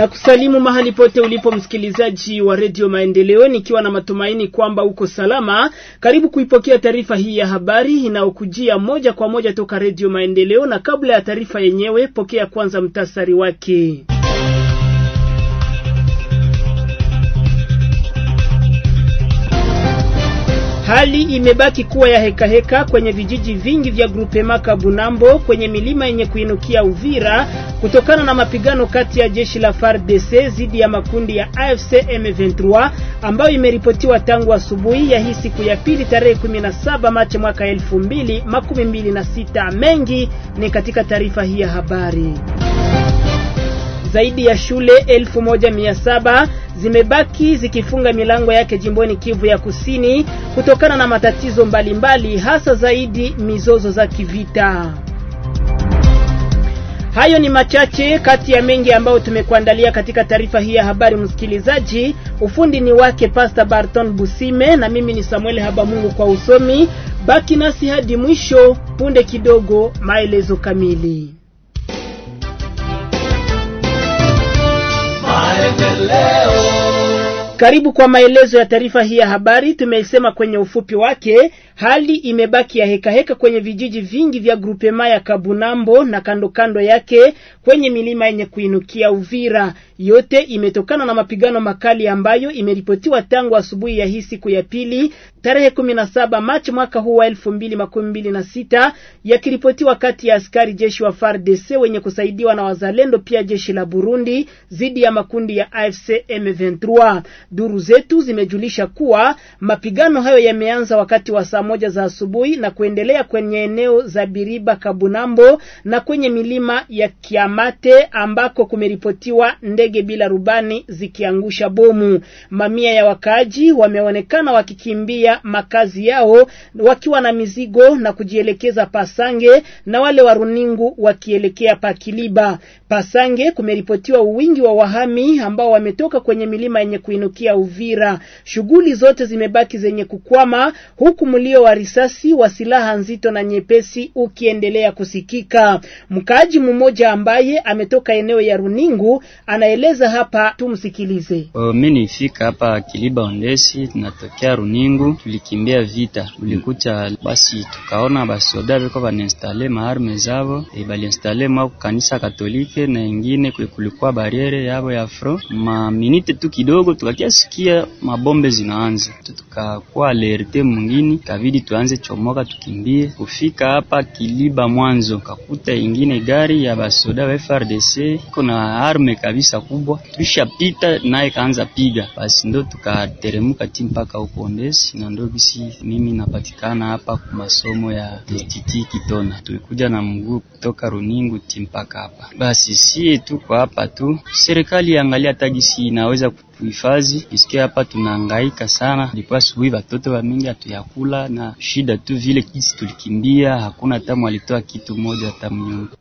na kusalimu mahali pote ulipo msikilizaji wa redio Maendeleo, nikiwa na matumaini kwamba uko salama. Karibu kuipokea taarifa hii ya habari inayokujia moja kwa moja toka redio Maendeleo, na kabla ya taarifa yenyewe, pokea kwanza mtasari wake. Hali imebaki kuwa ya hekaheka heka kwenye vijiji vingi vya maka Bunambo kwenye milima yenye kuinukia Uvira kutokana na mapigano kati ya jeshi la FARDC dhidi ya makundi ya AFC M23 ambayo imeripotiwa tangu asubuhi ya hii siku ya pili tarehe 17 Machi mwaka 2026. Mengi ni katika taarifa hii ya habari. Zaidi ya shule 1700 zimebaki zikifunga milango yake jimboni Kivu ya Kusini kutokana na matatizo mbalimbali mbali, hasa zaidi mizozo za kivita. Hayo ni machache kati ya mengi ambayo tumekuandalia katika taarifa hii ya habari. Msikilizaji, ufundi ni wake Pastor Barton Busime na mimi ni Samuel Habamungu kwa usomi. Baki nasi hadi mwisho. Punde kidogo, maelezo kamili. Karibu kwa maelezo ya taarifa hii ya habari. Tumeisema kwenye ufupi wake, hali imebaki ya hekaheka heka kwenye vijiji vingi vya grupema ya Kabunambo na kandokando kando yake, kwenye milima yenye kuinukia Uvira. Yote imetokana na mapigano makali ambayo imeripotiwa tangu asubuhi ya hii siku ya pili tarehe 17 Machi mwaka huu wa 2026 yakiripotiwa kati ya askari jeshi wa FARDC wenye kusaidiwa na wazalendo pia jeshi la Burundi dhidi ya makundi ya AFC M23. Duru zetu zimejulisha kuwa mapigano hayo yameanza wakati wa saa moja za asubuhi na kuendelea kwenye eneo za Biriba, Kabunambo na kwenye milima ya Kiama Kamate ambako kumeripotiwa ndege bila rubani zikiangusha bomu. Mamia ya wakaaji wameonekana wakikimbia makazi yao wakiwa na mizigo na kujielekeza Pasange na wale wa Runingu wakielekea Pakiliba. Pasange kumeripotiwa wingi wa wahami ambao wametoka kwenye milima yenye kuinukia Uvira. Shughuli zote zimebaki zenye kukwama huku mlio wa risasi wa silaha nzito na nyepesi ukiendelea kusikika. Mkaaji mmoja ambaye ambaye ametoka eneo ya Runingu anaeleza hapa, tumsikilize. Uh, oh, mimi nifika hapa Kiliba Ondesi, tunatokea Runingu, tulikimbia vita ulikucha, basi tukaona basoda biko baninstale maarme zabo e, eh, balinstale mwa kanisa Katolike na ingine kulikuwa bariere yabo ya fro. Maminite tu kidogo tukakia sikia mabombe zinaanza, tukakuwa alerte mwingine, kabidi tuanze chomoka, tukimbie kufika hapa Kiliba mwanzo kakuta ingine gari ya basoda wa FRDC kuna arme kabisa kubwa, tulishapita naye kaanza piga, basi ndo tukateremuka ti mpaka huko Ndesi, na ndo bisi mimi napatikana hapa kwa masomo ya TTT Kitona. Tulikuja na mguu kutoka Runingu ti mpaka hapa, basi sie tuko hapa tu, serikali angalia tagisi inaweza kuhifadhi isikia hapa tunahangaika sana, ndipo asubuhi watoto wa mingi hatuyakula na shida tu vile kisi tulikimbia, hakuna tamu alitoa kitu moja hata mnyonge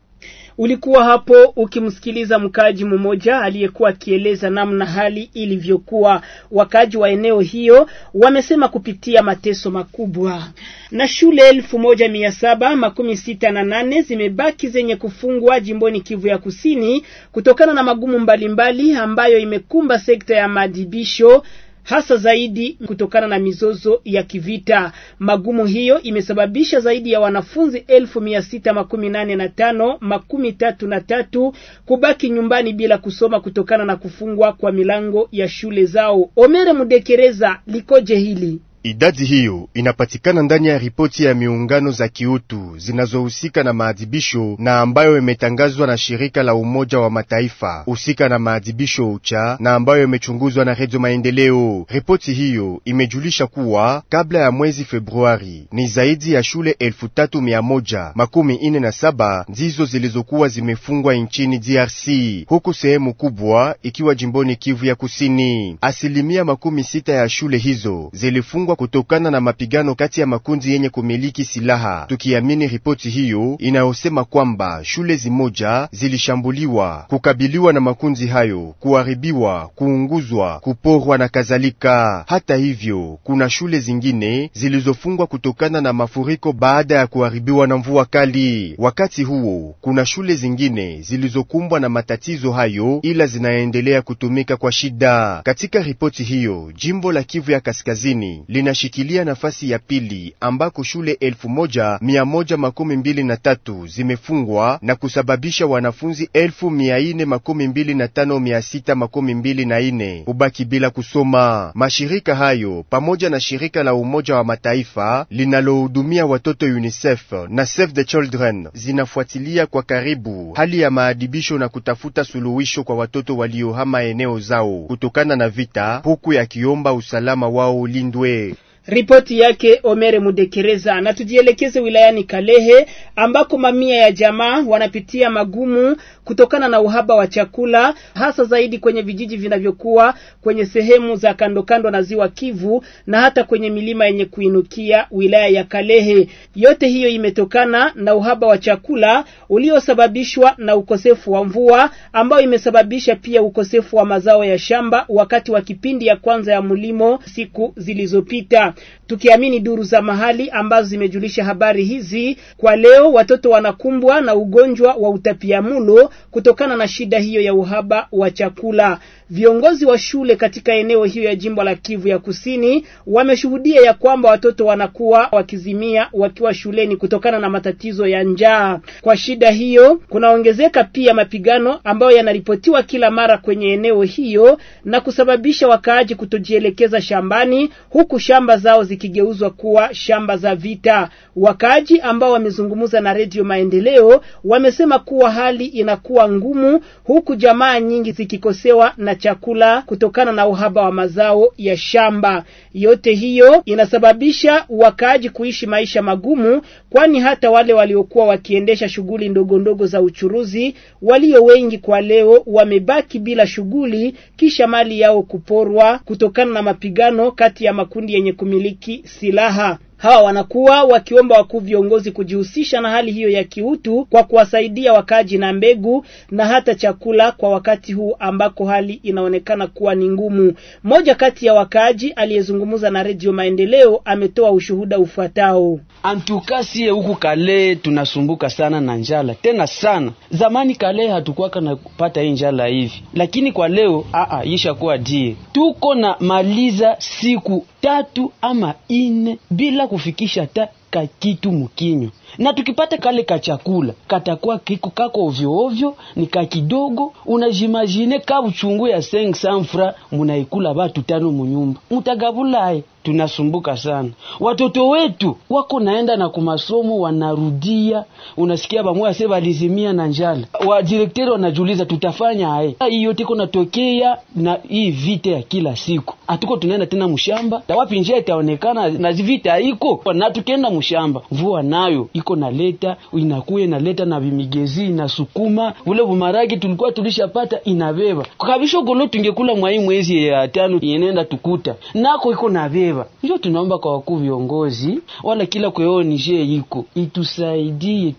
Ulikuwa hapo ukimsikiliza mkaaji mmoja aliyekuwa akieleza namna hali ilivyokuwa. Wakaaji wa eneo hiyo wamesema kupitia mateso makubwa, na shule elfu moja mia saba makumi sita na nane zimebaki zenye kufungwa jimboni Kivu ya Kusini kutokana na magumu mbalimbali mbali ambayo imekumba sekta ya maadhibisho hasa zaidi kutokana na mizozo ya kivita. Magumu hiyo imesababisha zaidi ya wanafunzi elfu mia sita makumi nane na tano makumi tatu na tatu kubaki nyumbani bila kusoma kutokana na kufungwa kwa milango ya shule zao. Omere Mudekereza likoje hili? Idadi hiyo inapatikana ndani ya ripoti ya miungano za kiutu zinazohusika na maadhibisho na ambayo imetangazwa na shirika la Umoja wa Mataifa husika na maadhibisho ucha na ambayo imechunguzwa na Redio Maendeleo. Ripoti hiyo imejulisha kuwa kabla ya mwezi Februari ni zaidi ya shule elfu tatu mia moja makumi ine na saba ndizo zilizokuwa zimefungwa nchini DRC, huku sehemu kubwa ikiwa jimboni Kivu ya Kusini. Asilimia makumi sita ya shule hizo zilifungwa wamefungwa kutokana na mapigano kati ya makundi yenye kumiliki silaha, tukiamini ripoti hiyo inayosema kwamba shule zimoja zilishambuliwa, kukabiliwa na makundi hayo, kuharibiwa, kuunguzwa, kuporwa na kadhalika. Hata hivyo, kuna shule zingine zilizofungwa kutokana na mafuriko baada ya kuharibiwa na mvua kali. Wakati huo, kuna shule zingine zilizokumbwa na matatizo hayo, ila zinaendelea kutumika kwa shida. Katika ripoti hiyo, jimbo la Kivu ya Kaskazini linashikilia nafasi ya pili ambako shule elfu moja mia moja makumi mbili na tatu zimefungwa na kusababisha wanafunzi elfu mia ine makumi mbili na tano mia sita makumi mbili na ine kubaki bila kusoma. Mashirika hayo pamoja na shirika la Umoja wa Mataifa linalohudumia watoto UNICEF na Save the Children zinafuatilia kwa karibu hali ya maadibisho na kutafuta suluhisho kwa watoto waliohama eneo zao kutokana na vita, huku yakiomba usalama wao ulindwe. Ripoti yake Omere Mudekereza. Na tujielekeze wilayani Kalehe ambako mamia ya jamaa wanapitia magumu kutokana na uhaba wa chakula, hasa zaidi kwenye vijiji vinavyokuwa kwenye sehemu za kando kando na ziwa Kivu na hata kwenye milima yenye kuinukia wilaya ya Kalehe. Yote hiyo imetokana na uhaba wa chakula uliosababishwa na ukosefu wa mvua ambayo imesababisha pia ukosefu wa mazao ya shamba wakati wa kipindi ya kwanza ya mlimo siku zilizopita. Tukiamini duru za mahali ambazo zimejulisha habari hizi, kwa leo watoto wanakumbwa na ugonjwa wa utapiamulo kutokana na shida hiyo ya uhaba wa chakula. Viongozi wa shule katika eneo hiyo ya jimbo la Kivu ya Kusini wameshuhudia ya kwamba watoto wanakuwa wakizimia wakiwa shuleni kutokana na matatizo ya njaa. Kwa shida hiyo, kunaongezeka pia mapigano ambayo yanaripotiwa kila mara kwenye eneo hiyo na kusababisha wakaaji kutojielekeza shambani, huku shamba zao zikigeuzwa kuwa shamba za vita. Wakaaji ambao wamezungumza na Redio Maendeleo wamesema kuwa hali inaku kuwa ngumu, huku jamaa nyingi zikikosewa na chakula kutokana na uhaba wa mazao ya shamba. Yote hiyo inasababisha wakaaji kuishi maisha magumu, kwani hata wale waliokuwa wakiendesha shughuli ndogo ndogo za uchuruzi, walio wengi kwa leo wamebaki bila shughuli, kisha mali yao kuporwa kutokana na mapigano kati ya makundi yenye kumiliki silaha. Hawa wanakuwa wakiomba wakuu viongozi kujihusisha na hali hiyo ya kiutu kwa kuwasaidia wakaji na mbegu na hata chakula kwa wakati huu ambako hali inaonekana kuwa ni ngumu. Mmoja kati ya wakaji aliyezungumza na Redio Maendeleo ametoa ushuhuda ufuatao. Antukasie huku kale tunasumbuka sana na njala tena sana. Zamani kale hatukuwaka na kupata hii njala hivi, lakini kwa leo aa, ishakuwa die tuko na maliza siku tatu ama ine bila kufikisha hata kakitu mkinywa, na tukipata kale kachakula katakuwa kiko kako ovyo ovyo, ni kakidogo. Unajimajine ka uchungu ya 500 francs munaikula batu tano munyumba mutagabulaye tunasumbuka sana. Watoto wetu wako naenda na kumasomo, wanarudia, unasikia bamoya se balizimia na njala, wadirekteri wanajuliza tutafanya aye. Hii yote iko natokea na hii vita ya kila siku, hatuko tunaenda tena mshamba tawapi, njia itaonekana na vita iko na, tukienda mshamba mvua nayo iko naleta, inakuya inaleta na vimigezi inasukuma vule vumaragi tulikuwa tulishapata inabeba kabisha golo, tungekula mwai mwezi ya tano inenda tukuta nako iko nabeba kuelewa. Ndio tunaomba kwa wakuu viongozi wala kila kweo nije iko itusaidie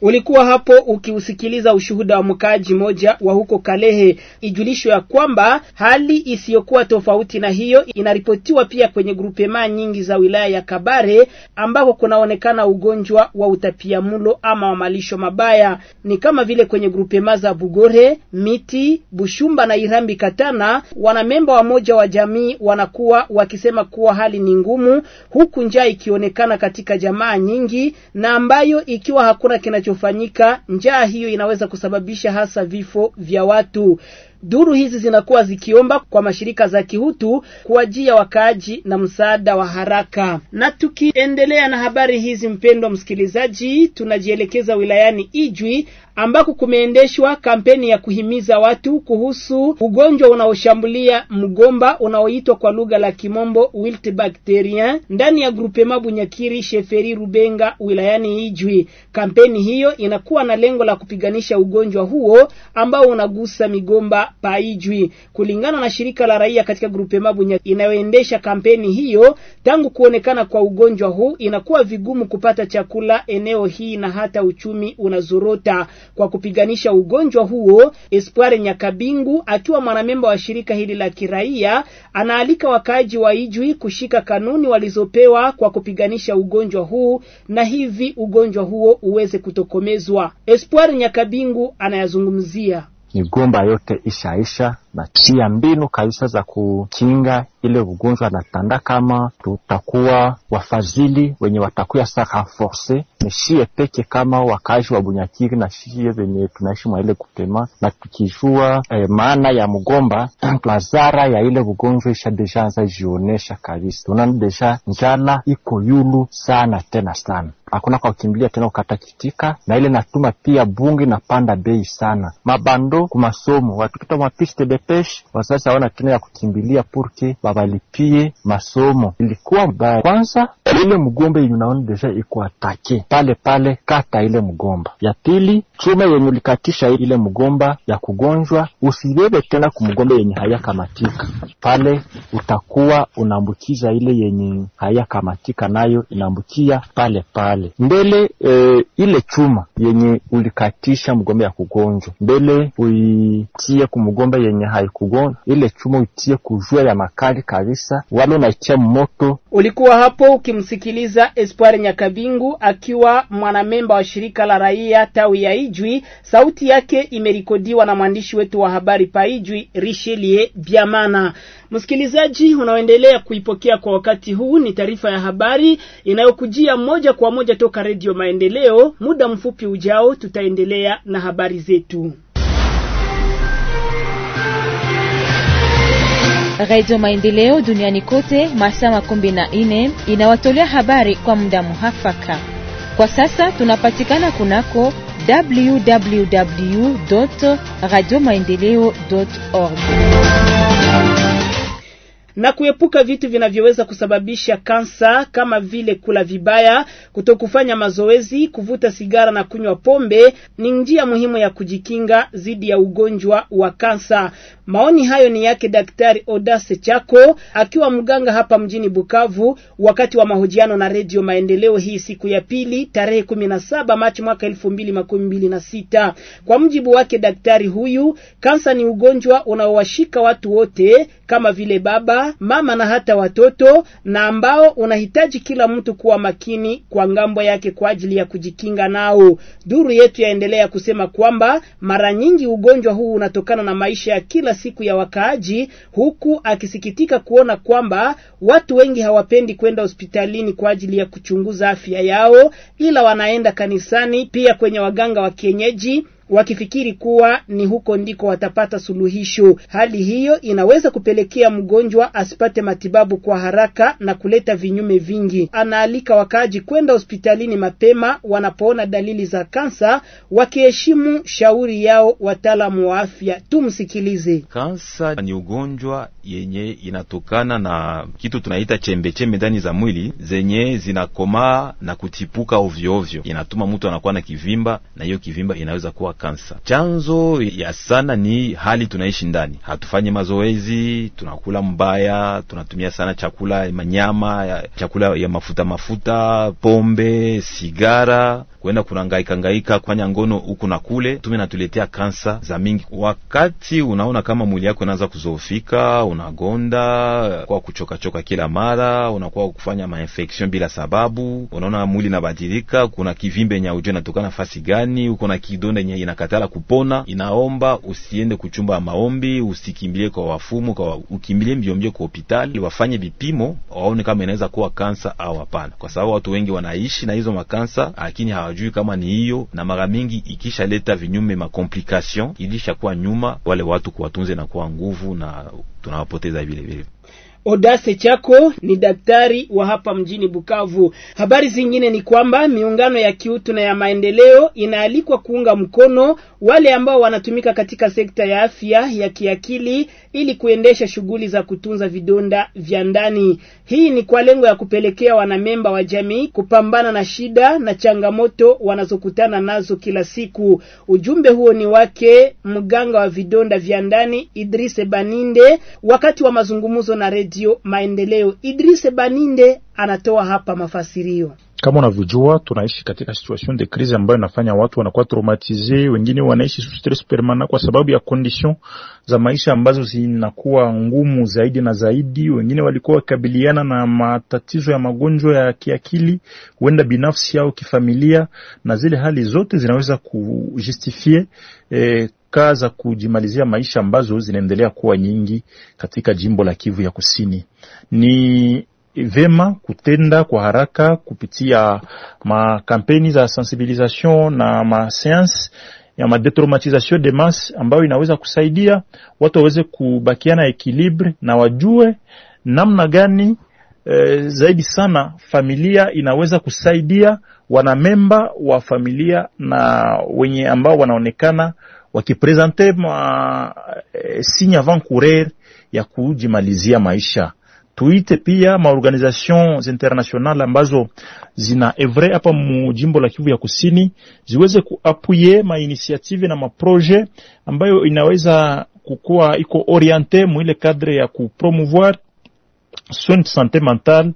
Ulikuwa hapo ukiusikiliza ushuhuda wa mkaaji moja wa huko Kalehe. Ijulisho ya kwamba hali isiyokuwa tofauti na hiyo inaripotiwa pia kwenye grupema nyingi za wilaya ya Kabare ambako kunaonekana ugonjwa wa utapiamlo ama wa malisho mabaya, ni kama vile kwenye grupema za Bugore, Miti, Bushumba na Irambi Katana. Wanamemba wa moja wa jamii wanakuwa wakisema kuwa hali ni ngumu, huku njaa ikionekana katika jamaa nyingi na ambayo ikiwa hakuna kinachofanyika, njaa hiyo inaweza kusababisha hasa vifo vya watu. Duru hizi zinakuwa zikiomba kwa mashirika za kihutu kuwajia wakaaji na msaada wa haraka. Na tukiendelea na habari hizi, mpendwa msikilizaji, tunajielekeza wilayani Ijwi ambako kumeendeshwa kampeni ya kuhimiza watu kuhusu ugonjwa unaoshambulia mgomba unaoitwa kwa lugha la Kimombo wilt bacterien ndani ya grupema Bunyakiri Sheferi Rubenga wilayani Ijwi. Kampeni hiyo inakuwa na lengo la kupiganisha ugonjwa huo ambao unagusa migomba paijwi. Kulingana na shirika la raia katika grupema Bunya inayoendesha kampeni hiyo, tangu kuonekana kwa ugonjwa huu inakuwa vigumu kupata chakula eneo hii na hata uchumi unazorota. Kwa kupiganisha ugonjwa huo, Espoir Nyakabingu akiwa mwanamemba wa shirika hili la kiraia anaalika wakaaji wa Ijwi kushika kanuni walizopewa kwa kupiganisha ugonjwa huu na hivi ugonjwa huo uweze kutokomezwa. Espoir Nyakabingu anayazungumzia migomba yote ishaisha, na pia mbinu kabisa za kukinga ile ugonjwa tanda, kama tutakuwa wafadhili wenye watakuwa sa nishie peke kama wakazi wa Bunyakiri na sisi venye tunaishi mwaile kupema na tukijua eh, maana ya mgomba plazara ya ile ugonjwa isha deja anza jionesha kabisa, tunaona deja njala iko yulu sana tena sana hakuna kwa kukimbilia tena ukatakitika na ile natuma pia bungi na panda bei sana mabando ku masomo watukita mapiste depesh wazazi hawana tena ya kukimbilia purke babalipie masomo. Ilikuwa mbaya kwanza ile mgomba yenye unaona deja iko atake pale pale, kata ile mgomba. Ya pili, chuma yenye ulikatisha ile mgomba ya kugonjwa usibebe tena kumgomba yenye hayakamatika pale, utakuwa unaambukiza ile yenye hayakamatika, nayo inaambukia pale pale mbele. E, ile chuma yenye ulikatisha mgomba ya kugonjwa mbele uitie kumgomba yenye haikugonjwa, ile chuma uitie kujua ya makali kabisa, wala unaitia moto. Ulikuwa hapo ukim kumsikiliza Espoir Nyakabingu akiwa mwanamemba wa shirika la raia tawi ya Ijwi. Sauti yake imerekodiwa na mwandishi wetu wa habari pa Ijwi Richelie Biamana. Msikilizaji unaoendelea kuipokea kwa wakati huu, ni taarifa ya habari inayokujia moja kwa moja toka Redio Maendeleo. Muda mfupi ujao tutaendelea na habari zetu. Radio Maendeleo duniani kote masaa makumi na ine inawatolea habari kwa muda muhafaka. Kwa sasa tunapatikana kunako www radio maendeleo org na kuepuka vitu vinavyoweza kusababisha kansa kama vile kula vibaya, kutokufanya mazoezi, kuvuta sigara na kunywa pombe ni njia muhimu ya kujikinga dhidi ya ugonjwa wa kansa. Maoni hayo ni yake Daktari Odase Chako akiwa mganga hapa mjini Bukavu wakati wa mahojiano na Redio Maendeleo hii siku ya pili tarehe 17 Machi mwaka 2026. Kwa mjibu wake daktari huyu, kansa ni ugonjwa unaowashika watu wote kama vile baba mama na hata watoto, na ambao unahitaji kila mtu kuwa makini kwa ngambo yake kwa ajili ya kujikinga nao. Duru yetu yaendelea kusema kwamba mara nyingi ugonjwa huu unatokana na maisha ya kila siku ya wakaaji, huku akisikitika kuona kwamba watu wengi hawapendi kwenda hospitalini kwa ajili ya kuchunguza afya yao, ila wanaenda kanisani, pia kwenye waganga wa kienyeji wakifikiri kuwa ni huko ndiko watapata suluhisho. Hali hiyo inaweza kupelekea mgonjwa asipate matibabu kwa haraka na kuleta vinyume vingi. Anaalika wakaaji kwenda hospitalini mapema wanapoona dalili za kansa, wakiheshimu shauri yao wataalamu wa afya. Tumsikilize. Kansa ni ugonjwa yenye inatokana na kitu tunaita chembechembe ndani za mwili zenye zinakomaa na kutipuka ovyo ovyo, inatuma mtu anakuwa na kivimba, na hiyo kivimba inaweza kuwa kansa. Chanzo ya sana ni hali tunaishi ndani, hatufanyi mazoezi, tunakula mbaya, tunatumia sana chakula manyama, chakula ya mafuta mafuta, pombe, sigara kuenda kunangaika ngaika kufanya ngono huku na kule, tume natuletea kansa za mingi. Wakati unaona kama mwili yako inaanza kuzoofika, unagonda kwa kuchokachoka kila mara, unakuwa kufanya mainfection bila sababu, unaona mwili inabadilika, kuna kivimbe yenye ujue inatokana fasi gani, uko na kidonda yenye inakatala kupona, inaomba usiende kuchumba maombi, usikimbilie kwa wafumu, kwa ukimbilie mbio mbio kwa hospitali, wafanye vipimo waone kama inaweza kuwa kansa au hapana, kwa sababu watu wengi wanaishi na hizo makansa lakini hawa hawajui kama ni hiyo, na mara mingi ikishaleta vinyume makomplikation ilishakuwa nyuma, wale watu kuwatunze na kuwa nguvu na tunawapoteza vile vile. Odase Chako ni daktari wa hapa mjini Bukavu. Habari zingine ni kwamba miungano ya kiutu na ya maendeleo inaalikwa kuunga mkono wale ambao wanatumika katika sekta ya afya ya kiakili ili kuendesha shughuli za kutunza vidonda vya ndani. Hii ni kwa lengo ya kupelekea wanamemba wa jamii kupambana na shida na changamoto wanazokutana nazo kila siku. Ujumbe huo ni wake mganga wa vidonda vya ndani Idris Baninde wakati wa mazungumzo na Red Redio Maendeleo. Idris Baninde anatoa hapa mafasirio. Kama unavyojua tunaishi katika situation de crise ambayo inafanya watu wanakuwa traumatize, wengine wanaishi sous stress permanent kwa sababu ya condition za maisha ambazo zinakuwa ngumu zaidi na zaidi. Wengine walikuwa wakikabiliana na matatizo ya magonjwa ya kiakili, huenda binafsi au kifamilia, na zile hali zote zinaweza kujustifie eh, kaa za kujimalizia maisha ambazo zinaendelea kuwa nyingi katika jimbo la Kivu ya Kusini. Ni vema kutenda kwa haraka kupitia makampeni za sensibilisation na maseanse ya madetraumatisation de masse ambayo inaweza kusaidia watu waweze kubakiana ekilibre na wajue namna gani e, zaidi sana familia inaweza kusaidia wanamemba wa familia na wenye ambao wanaonekana wakipresente ma e, signe avant courir ya kujimalizia maisha. Tuite pia maorganization international ambazo zina evre hapa mu jimbo la Kivu ya Kusini ziweze kuapuye mainisiative na maproje ambayo inaweza kukuwa iko oriente mwile kadre ya kupromouvoir soin de santé mentale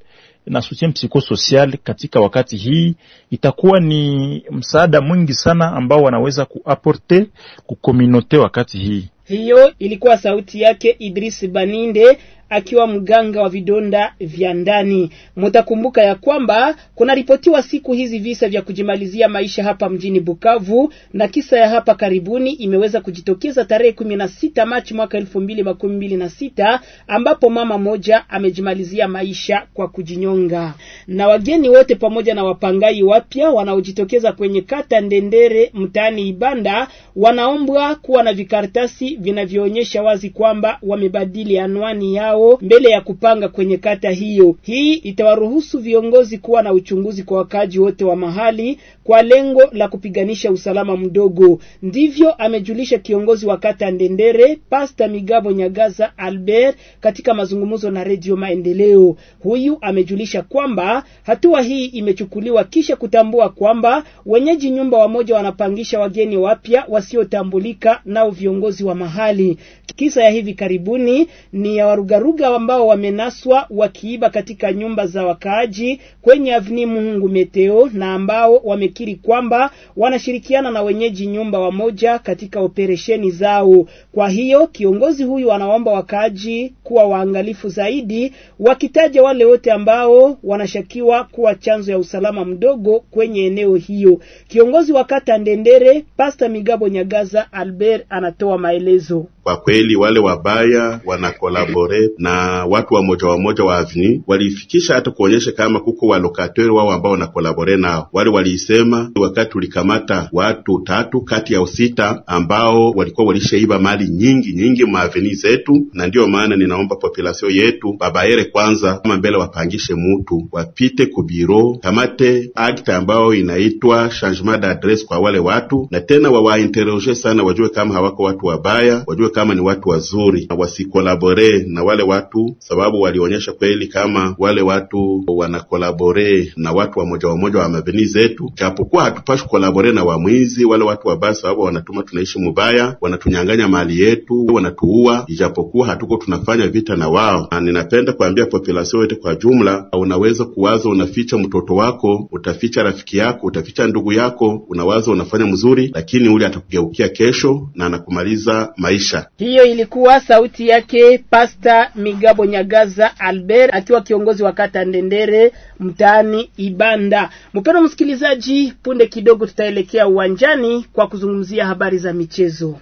na soutien psychosocial katika wakati hii itakuwa ni msaada mwingi sana ambao wanaweza kuaporte kukominote wakati hii. Hiyo ilikuwa sauti yake Idris Baninde akiwa mganga wa vidonda vya ndani. Mtakumbuka ya kwamba kunaripotiwa siku hizi visa vya kujimalizia maisha hapa mjini Bukavu, na kisa ya hapa karibuni imeweza kujitokeza tarehe 16 Machi mwaka 2026 ambapo mama moja amejimalizia maisha kwa kujinyonga. Na wageni wote pamoja na wapangai wapya wanaojitokeza kwenye kata Ndendere mtaani Ibanda wanaombwa kuwa na vikaratasi vinavyoonyesha wazi kwamba wamebadili anwani yao mbele ya kupanga kwenye kata hiyo. Hii itawaruhusu viongozi kuwa na uchunguzi kwa wakaaji wote wa mahali kwa lengo la kupiganisha usalama mdogo. Ndivyo amejulisha kiongozi wa kata Ndendere, Pasta Migabo Nyagaza Albert katika mazungumzo na Redio Maendeleo. Huyu amejulisha kwamba hatua hii imechukuliwa kisha kutambua kwamba wenyeji nyumba wamoja wanapangisha wageni wapya wasiotambulika nao viongozi wa mahali. Kisa ya hivi karibuni ni ya warugaruga ambao wamenaswa wakiiba katika nyumba za wakaaji kwenye Avni Mungu Meteo, na ambao wamekiri kwamba wanashirikiana na wenyeji nyumba wamoja katika operesheni zao. Kwa hiyo kiongozi huyu anawaomba wakaaji kuwa waangalifu zaidi, wakitaja wale wote ambao wanashakiwa kuwa chanzo ya usalama mdogo kwenye eneo hiyo. Kiongozi wa kata Ndendere, Pasta Migabo Nyagaza Albert anatoa maelezo maelezo. Kwa kweli wale wabaya wanakolabore na watu wamoja wamoja wa avni walifikisha hata kuonyesha kama kuko walokateri wao ambao wanakolabore nao. Wale waliisema wakati tulikamata watu tatu kati ya sita ambao walikuwa walishaiba mali nyingi nyingi maaveni zetu, na ndiyo maana ninaomba populasio yetu babayere kwanza, kama mbele wapangishe mutu wapite kubiro kamate act ambayo inaitwa changement d'adresse kwa wale watu, na tena wawainteroge sana, wajue kama hawako watu wabaya haya wajue kama ni watu wazuri na wasikolabore na wale watu, sababu walionyesha kweli kama wale watu wanakolabore na watu wamoja wamoja wa mabeni zetu, japokuwa hatupashi kolabore na wamwizi wale watu wabaya, sababu wanatuma tunaishi mubaya, wanatunyang'anya mali yetu, wanatuua, ijapokuwa hatuko tunafanya vita na wao. Na ninapenda kuambia populasio yote kwa jumla, unaweza kuwaza, unaficha mtoto wako, utaficha rafiki yako, utaficha ndugu yako, unawaza unafanya mzuri, lakini ule atakugeukia kesho na anakumaliza maisha. Hiyo ilikuwa sauti yake Pasta Migabo Nyagaza Albert akiwa kiongozi wa kata Ndendere mtaani Ibanda. Mpendwa msikilizaji, punde kidogo tutaelekea uwanjani kwa kuzungumzia habari za michezo.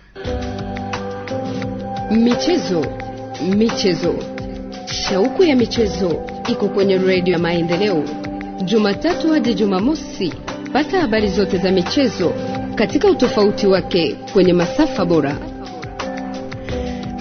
Michezo, michezo, shauku ya michezo iko kwenye redio ya Maendeleo, Jumatatu hadi Jumamosi. Pata habari zote za michezo katika utofauti wake kwenye masafa bora.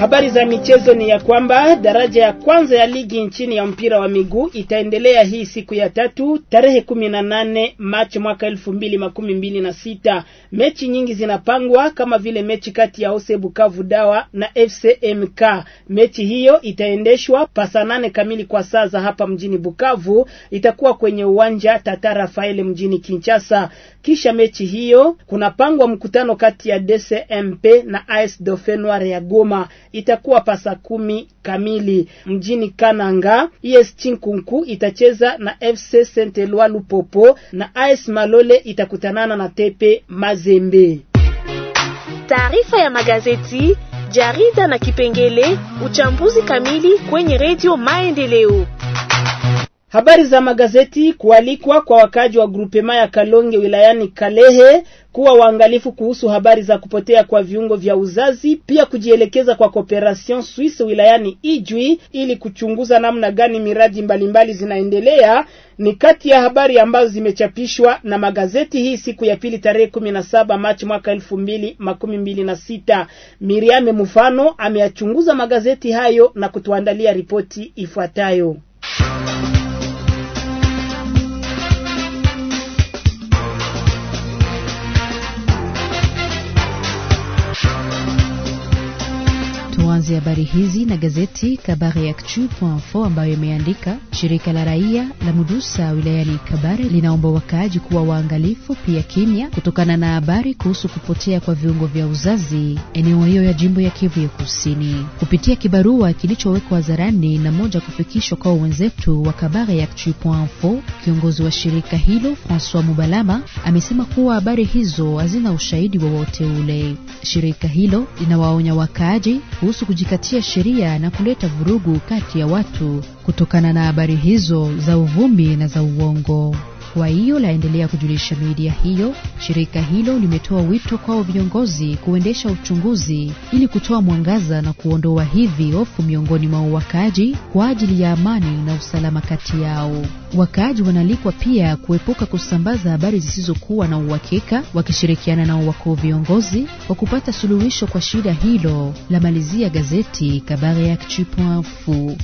Habari za michezo ni ya kwamba daraja ya kwanza ya ligi nchini ya mpira wa miguu itaendelea hii siku ya tatu tarehe 18 Machi mwaka 2026. Mechi nyingi zinapangwa kama vile mechi kati ya Ose Bukavu Dawa na FCMK. Mechi hiyo itaendeshwa pasa nane kamili kwa saa za hapa mjini Bukavu, itakuwa kwenye uwanja Tata Rafael mjini Kinshasa. Kisha mechi hiyo kunapangwa mkutano kati ya DCMP na AS Dauphin e ya Goma itakuwa pasa kumi kamili. Mjini Kananga, ES Chinkunku itacheza na FC Saint Eloi Lupopo na AS Malole itakutanana na Tepe Mazembe. Taarifa ya magazeti, jarida na kipengele uchambuzi kamili kwenye redio Maendeleo. Habari za magazeti. Kualikwa kwa wakaji wa grupema ya Kalonge wilayani Kalehe kuwa waangalifu kuhusu habari za kupotea kwa viungo vya uzazi, pia kujielekeza kwa Cooperation Suisse wilayani Ijwi ili kuchunguza namna gani miradi mbalimbali zinaendelea. Ni kati ya habari ambazo zimechapishwa na magazeti hii siku ya pili tarehe 17 Machi mwaka 2026. Miriame mufano ameyachunguza magazeti hayo na kutuandalia ripoti ifuatayo. Tuanze habari hizi na gazeti Kabare Actu.info ambayo imeandika shirika la raia la Mudusa wilayani Kabare linaomba wakaaji kuwa waangalifu pia kimya kutokana na habari kuhusu kupotea kwa viungo vya uzazi eneo hiyo ya jimbo ya Kivu ya Kusini. Kupitia kibarua kilichowekwa hadharani na moja kufikishwa kwa wenzetu wa Kabare Actu.info, kiongozi wa shirika hilo Francois Mubalama amesema kuwa habari hizo hazina ushahidi wowote ule. Shirika hilo linawaonya wakaaji kuhusu kuhusu kujikatia sheria na kuleta vurugu kati ya watu kutokana na habari hizo za uvumi na za uongo. Kwa hiyo laendelea kujulisha media hiyo. Shirika hilo limetoa wito kwao viongozi kuendesha uchunguzi ili kutoa mwangaza na kuondoa hivi hofu miongoni mwa wakaaji kwa ajili ya amani na usalama kati yao. Wakaaji wanalikwa pia kuepuka kusambaza habari zisizokuwa na uhakika, wakishirikiana nao wakuu viongozi kwa kupata suluhisho kwa shida hilo, la malizia gazeti Kabare Actu.fu.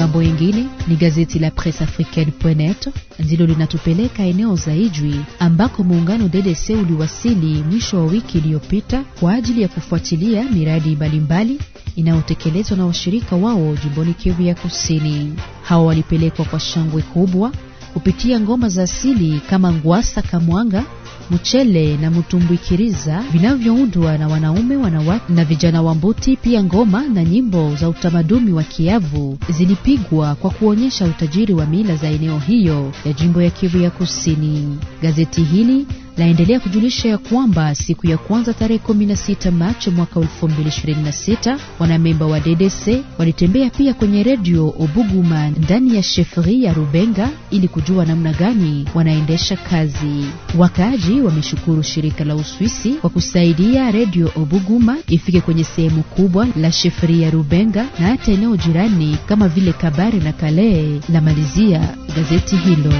ngambo yengine ni gazeti la Presse Africaine.net ndilo linatupeleka eneo Ijwi ambako muungano DDC uliwasili mwisho wa wiki iliyopita kwa ajili ya kufuatilia miradi mbalimbali inayotekelezwa na washirika wao jimboni Kivu ya Kusini. Hao walipelekwa kwa shangwe kubwa kupitia ngoma za asili kama ngwasa, kamwanga mchele na mtumbwikiriza vinavyoundwa na wanaume, wanawake na vijana wa Mbuti. Pia ngoma na nyimbo za utamaduni wa Kiavu zilipigwa kwa kuonyesha utajiri wa mila za eneo hiyo ya jimbo ya Kivu ya Kusini. Gazeti hili laendelea kujulisha ya kwamba siku ya kwanza tarehe 16 Machi mwaka 2026 wanamemba wa DDC walitembea pia kwenye redio Obuguma ndani ya shefri ya Rubenga ili kujua namna gani wanaendesha kazi. Wakaaji wameshukuru shirika la Uswisi kwa kusaidia redio Obuguma ifike kwenye sehemu kubwa la shefri ya Rubenga na hata eneo jirani kama vile Kabare na Kale, la malizia gazeti hilo.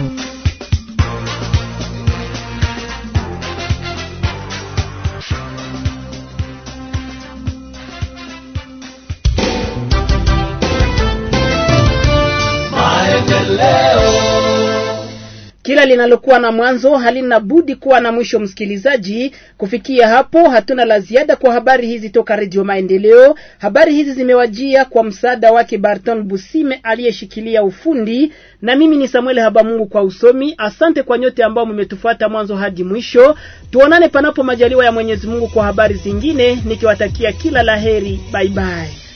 Kila linalokuwa na mwanzo halina budi kuwa na mwisho. Msikilizaji, kufikia hapo hatuna la ziada kwa habari hizi toka Redio Maendeleo. Habari hizi zimewajia kwa msaada wake Barton Busime aliyeshikilia ufundi, na mimi ni Samuel Habamungu kwa usomi. Asante kwa nyote ambao mmetufuata mwanzo hadi mwisho. Tuonane panapo majaliwa ya Mwenyezi Mungu kwa habari zingine, nikiwatakia kila laheri. Bye bye.